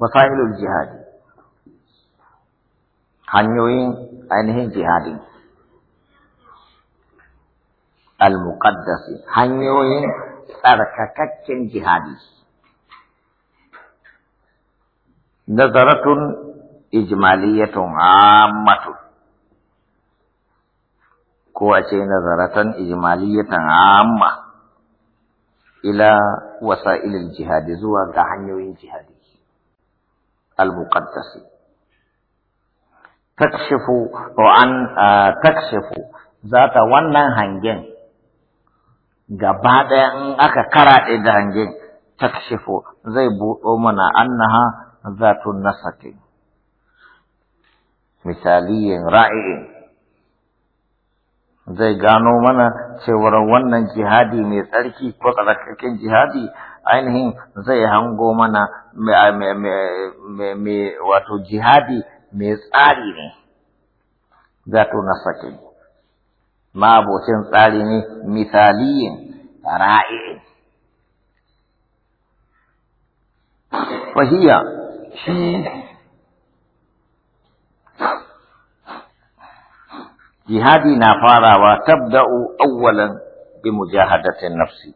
wasailul jihadi hanyoyin ainihin jihadi al-muqaddasi hanyoyin tsarkakakken jihadi nazaratun ijmaliyatun ammatu ko a ce nazaratan ijmaliyatun amma ila wasa'ilul jihadi zuwa ga hanyoyin jihadi المقدس تكشف zata تكشف ذات wannan hangen gaba ɗaya in aka karaɗe da hangen takshifu zai buɗo mana annaha zatun nasaki misaliyin ra'i'in zai gano mana cewar wannan jihadi mai tsarki ko tsarkaken jihadi ainihin zai hango mana mai wato jihadi mai tsari ne zato na sakin mabocin tsari ne misaliyin ra'ayin fahiya shi jihadi na farawa tabda'u awwalan bi mujahadatin nafsi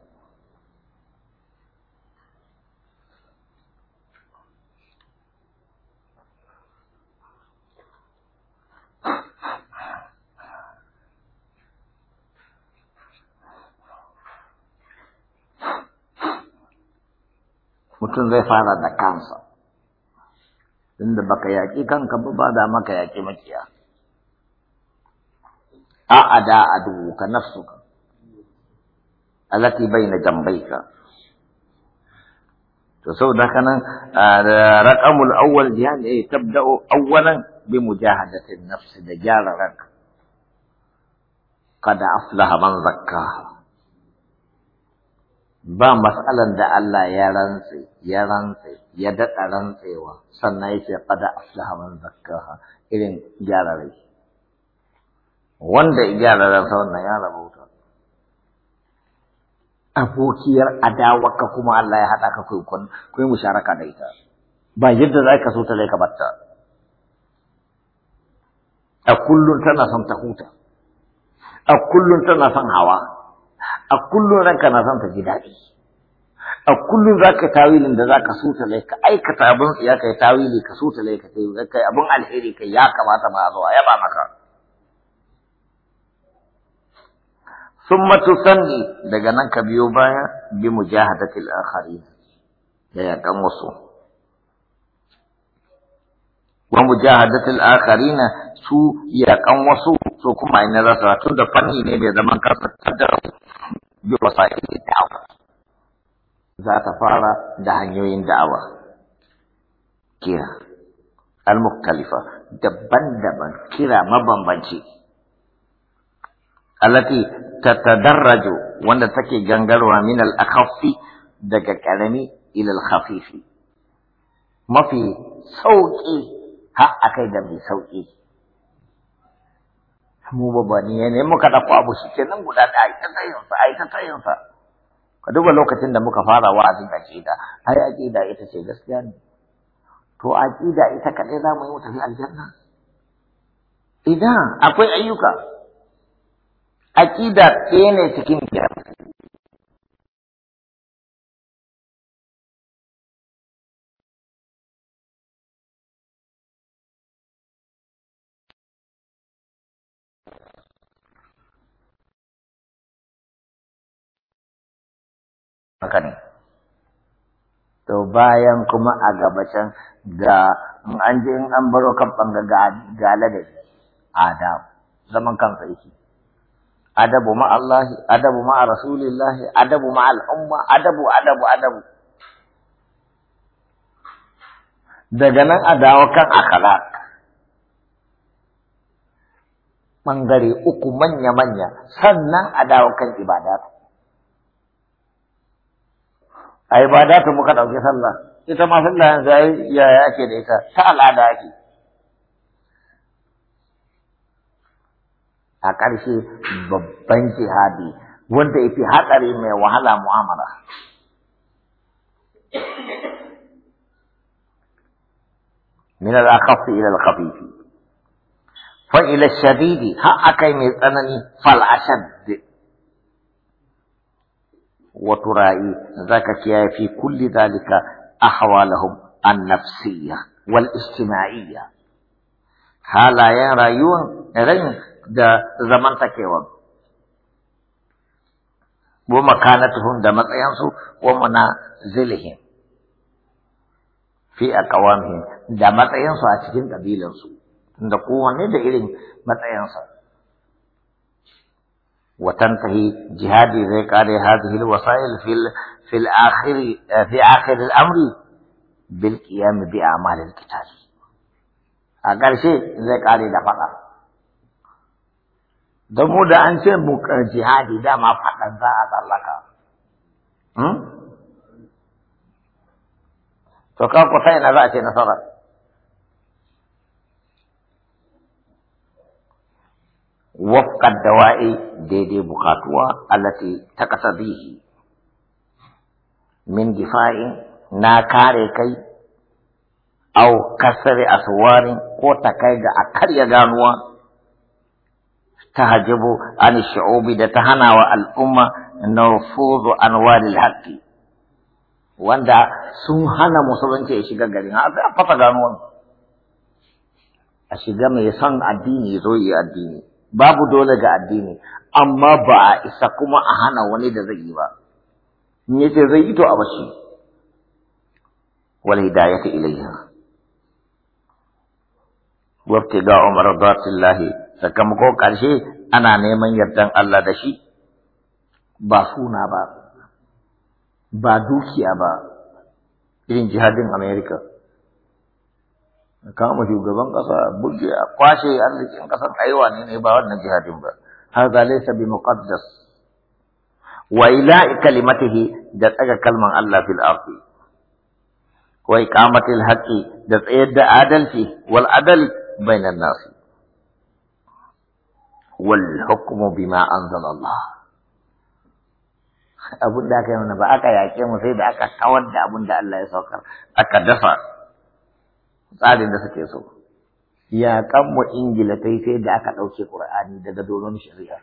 mutum zai fara da kansa inda baka yaƙi kanka ba ba da maka yaƙi makiya أعدى عدوك نفسك التي بين جنبيك تصور كان رقم الأول يعني تبدأ أولا بمجاهدة النفس دجال رك قد أفلح من زكاها ba matsalan da Allah ya rantse, ya rantse, ya daɗa rantsewa, sannan ya ce kada aflaha man zakkaha irin gyara rai. wanda gyara ransa wannan ya rabauta abokiyar adawa ka kuma Allah ya haɗa ka kai kun kai musharaka da ita ba yadda za ka so ta zai ka batta a kullum tana son ta huta a kullum tana son hawa a kullum ranka na son ta ji daɗi a kullum za ka tawilin da za ka so ta ka aikata abin ya kai tawili ka so ta ka kai abin alheri kai ya kamata ma zuwa ya ba maka ثم تصلي daga nan ka biyo baya bi mujahadatil akharin da ya kan wasu wa mujahadatil na su ya kan wasu so kuma ina za su ratu da fanni ne mai zaman kansa da bi wasa'il da'awa za ta fara da hanyoyin da'awa kira al-mukhtalifa daban-daban kira mabambanci allati tatadarraju wanda take gangarwa min al-akhaffi daga karami ila al-khafifi mafi sauki har akai da mai sauki mu babani ne muka dauko abu Kenan guda da ai ta sa ai ta sa ka duba lokacin da muka fara wa'azin aqida ai aqida ita ce gaskiya ne to aqida ita kadai za mu yi mutane tafi aljanna idan akwai ayyuka aƙida ɗaya ne cikin biyar haka ne to bayan kuma a gabacin ga an je in an baro kan banga ga ladabi adam zaman kansa yake adabu ma Allah adabu ma Rasulillah adabu ma al'umma adabu adabu adabu daga nan a dawo kan akhlaq Mangare uku manya-manya sannan a dawo kan ibadatu a ta muka ɗauki sallah ita ma sallah yanzu yaya ake da ita ta al'ada ake a ƙarshe babban jihadi wanda ya fi hatsari mai wahala mu'amala. من الأخف إلى الخفيف فإلى الشديد حقك من الثمن فالأشد وترائي ذاك في كل ذلك أحوالهم النفسية والاجتماعية هلا يرى يون رين da zamantakewa wa makanatuhum da matsayansu wa manazilihim fi aqwamihim da matsayansu a cikin kabilansu da kowanne da irin matsayansa wa tantahi jihadi zai kare hadhihi alwasail fil fil akhiri fi akhir al-amri bil qiyam bi a'mal al-qital a ƙarshe don da an ce mu jihadi dama faɗan za a tsallaka hmm? to kan ku sai za a ce nasara da dawa'i daidai bukatuwa kasa bihi min gifa'in na kare kai au kasare aswarin ko ta kai ga a karya ganuwa تحجب عن الشعوب دتهنا والأمة نرفوض أنوار الحق واندا سنهنا مسلمين يشيغا غارين هذا أفتا غانون أشيغا ميسان الديني زوي الديني باب دولة الديني أما با إساكما كما أهانا وندا زيبا نيتي زيتو أبشي والهداية إليها وابتقى عمر مرضات الله sakamako karshe ana neman yardan Allah da shi ba suna ba ba dukiya ba irin jihadin America kama shugaban ƙasa burge a kwashe arzikin kasar aiwa ne ne ba wannan jihadin ba har za laisa bi muqaddas wa ila kalimatihi da tsaga kalman Allah fil ardi wa iqamatil haqqi da tsayar da adalci wal adal bainan nasi والحكم بما أنزل الله abun da aka yi mana ba aka yaƙe mu sai da aka kawar da abun da Allah ya saukar aka dafa tsarin da suke so yaƙan mu ingila ta sai da aka ɗauke ƙur'ani daga doron shari'a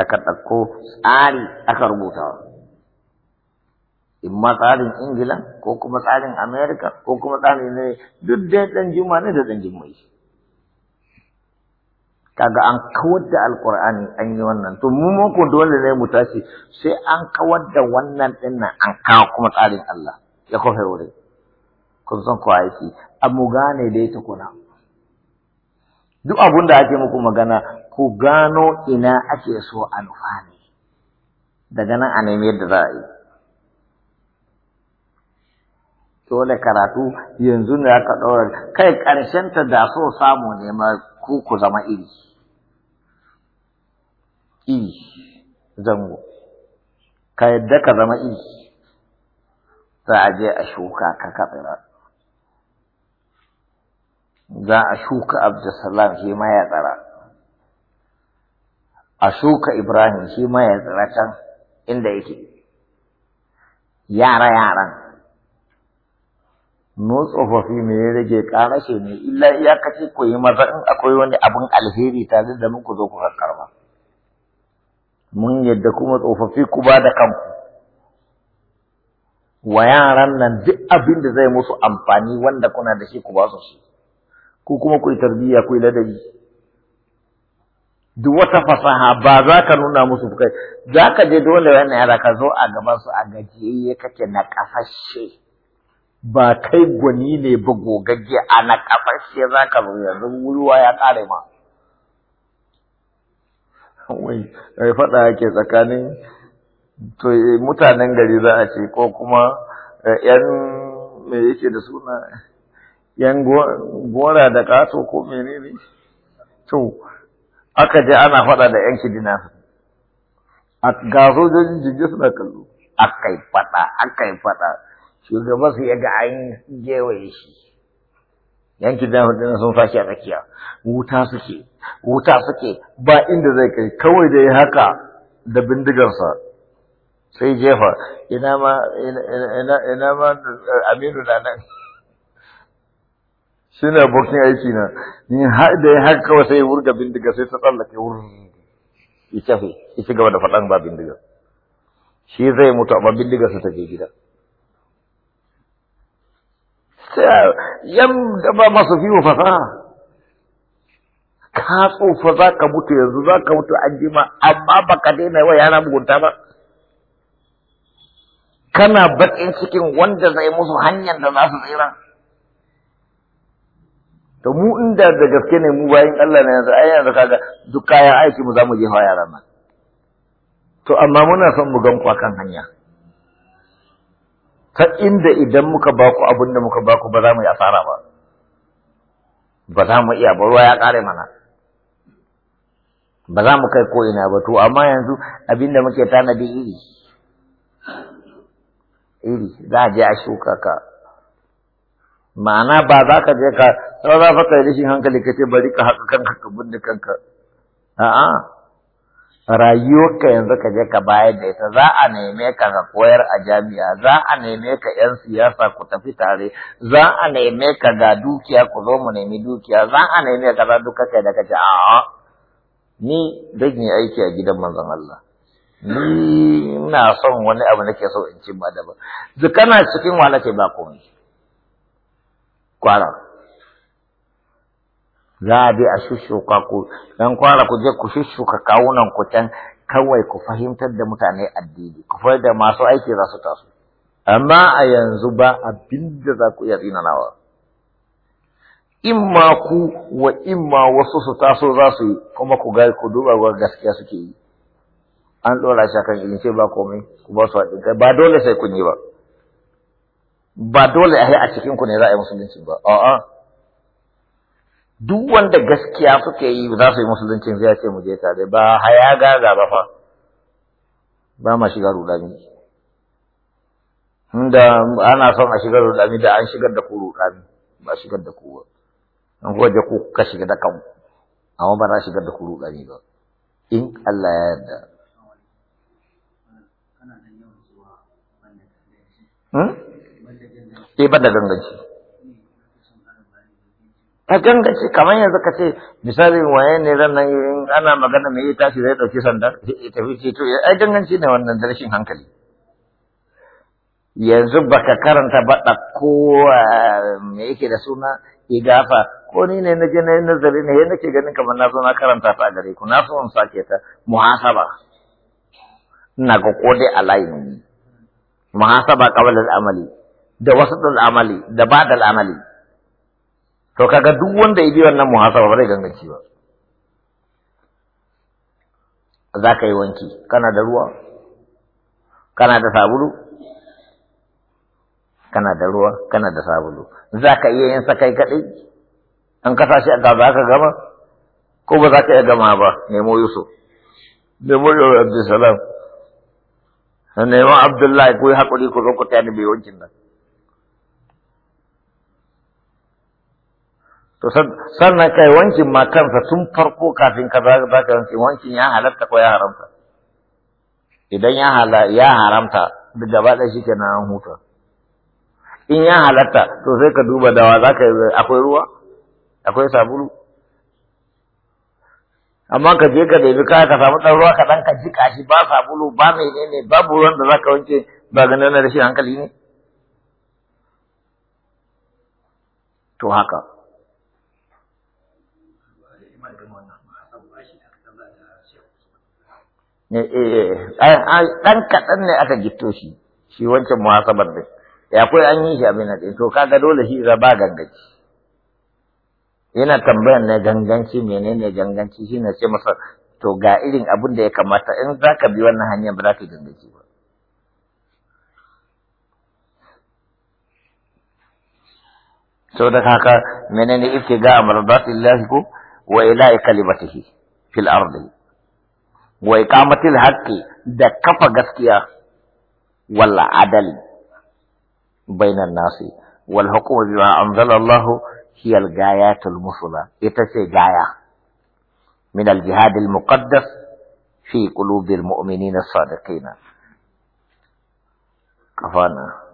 aka ɗauko tsari aka rubuta in ma tsarin ingila ko kuma tsarin amerika ko kuma tsarin ne duk dai ɗan juma ne da ɗan jumai kaga an kawar da alkur'ani an yi wannan to mu mun ko dole ne mu tashi sai an kawar da wannan din nan an kawo kuma tsarin Allah ya kofe wurin kun san ko aiki mu gane dai ta kuna duk abun da ake muku magana ku gano ina ake so a nufa daga nan a nemi yadda za a yi dole karatu yanzu ne aka ɗora kai ta da so samu ne ma ku ku zama iri iri zango ka yadda ka zama iri za a je a shuka ka katsira za a shuka abdulsalam shi ma ya tsara a shuka ibrahim shi ma ya tsara can inda yake yara yaran no tsofaffi me ya rage karashe ne illa iyakaci ku yi maza in akwai wani abin alheri tare da muku zo ku karkarba mun yadda kuma tsofaffi ku ba da kanku wa yaran nan duk abin da zai musu amfani wanda kuna da shi ku ba su shi ku kuma ku yi tarbiyya ku ladabi duk wata fasaha ba za ka nuna musu kai za ka je dole wannan yara ka zo a gaban su a gajiyayye kake na kasashe ba kai gwani ne ba gogagge a na kafashe za ka zo yanzu wuriwa ya ƙare ma. Wai, faɗa yake tsakanin eh, mutanen gari za a ce ko kuma ‘yan eh, me yake da suna ‘yan gora da ƙato ko menene? To, aka je ana faɗa da ‘yan kidina. Ga sojojin jirgin suna kallo, aka yi faɗa, aka yi faɗa. shugaban su ya ga an gewaye shi yanki da hudu sun fashi a tsakiya wuta suke wuta suke ba inda zai kai kawai da haka da bindigarsa sai jefa ina ma ina ma eh, aminu na nan shi ne bokin aiki na ni da ya haka kawai sai wurga bindiga sai ta tsallake wurin ya cafe ya ci gaba da faɗan ba bindiga shi zai mutu amma su ta je gida yan gaba masu fiwo fasaha ka tsufa za ka mutu yanzu za ka mutu an jima amma ba ka daina wa yana mugunta ba kana bakin cikin wanda zai musu hanyar da za su tsira to mu inda da gaske ne mu bayan Allah ne yanzu ayyana da kaga duk kayan aiki mu za mu je hawa yaran nan to amma muna son mu gan kan hanya ta inda idan muka ba ku abin da muka ba ku ba za mu yi asara ba ba za mu iya ba ruwa ya ƙare mana ba za mu kai ina ba to amma yanzu abin da muke tanadi iri iri za a je a shuka ka ma'ana ba za ka je ka sau za ka yi rashin hankali ka ce bari ka haƙa kanka ka bunda kanka a'a rayuwarka yanzu ka je ka bayar da ita za a neme ka ka koyar a jami'a za a neme ka yan siyasa ku tafi tare za a neme ka ga dukiya ku zo mu nemi dukiya za a neme ka za duka kai da ka ce a'a ni dan yi aiki a gidan manzon Allah ni ina son wani abu nake so in ci ba da ba kana cikin wala ce ba komai kwara za a bi a shushuka ku dan kwara ku je ku shushuka kawunan ku can kawai ku fahimtar da mutane addini ku fahimtar da masu aiki za su taso amma a yanzu ba abin da za ku iya tsinanawa imma ku wa imma wasu su taso za su yi kuma ku ga ku duba ga gaskiya suke yi an ɗora shi akan irin ce ba komai ku ba su haɗin ba dole sai kun yi ba ba dole a a cikin ku ne za a yi musulunci ba a'a duk wanda gaskiya suke yi za su yi musuluncin zai ce mu je tare ba haya gaga ba fa ba ma shiga rudani inda ana son a shiga rudani da an shigar da ku rudani ba shigar da ku ba an kuwa ku ka shiga da kanku amma ba za shigar da ku rudani ba in Allah ya yarda hmm? Eh, ban da ganganci. ka ce kamar yanzu ka ce misali waye ne ran nan ana magana me yi tashi zai dauki sanda ya tafi ce to ai ganganci ne wannan da rashin hankali yanzu baka karanta ba ko eh, me yake da suna igafa ko ni ne na je na nazari ne yadda ke ganin kamar na zo na karanta ta gare ku na so in sake ta muhasaba ina ga kodai a layin muhasaba kawai da amali da wasu da amali da ba da amali to kaga duk wanda ya bi wannan muhasaba ba zai ganganci ba za ka yi wanki kana da ruwa kana da sabulu kana da ruwa kana da sabulu za ka iya yin sa kai kaɗai an kasa shi a za ka gama ko ba za ka iya gama ba nemo yusuf nemo yusuf abdulsalam nemo abdullahi ko yi haƙuri ku zo ku tani bai wankin nan to sannan kai wankin ma kansa tun farko kafin ka za ka wanke wankin ya halatta ko ya haramta idan ya hala ya haramta duk gaba shi ke an huta in ya halatta to sai ka duba dawa za ka akwai ruwa akwai sabulu amma ka je ka ɗebi kaya ka samu ɗan ruwa ka ɗan ka jika shi ba sabulu ba mai ne babu ruwan da za ka wanke ba ganin na rashin hankali ne to haka Eh, eh, ɗan kaɗan ne aka gito shi shi wancan muhasabar din ya kai an yi shi abin nan to kaga dole shi za ba gangaci yana tambayar na ganganci menene ganganci shi na ce masa to ga irin abin da ya kamata in za ka bi wannan hanyar ba za ka gangaci ba sau da haka menene ifti a marzatillahi ko wa ila kalimatihi fil ardi wa iqamatil haqqi da kafa gaskiya wal adali bainan nasi wal hukmu bima anzala Allah hiya al gayatul musula ita ce gaya min al jihad al muqaddas fi qulubil mu'minina sadiqina kafana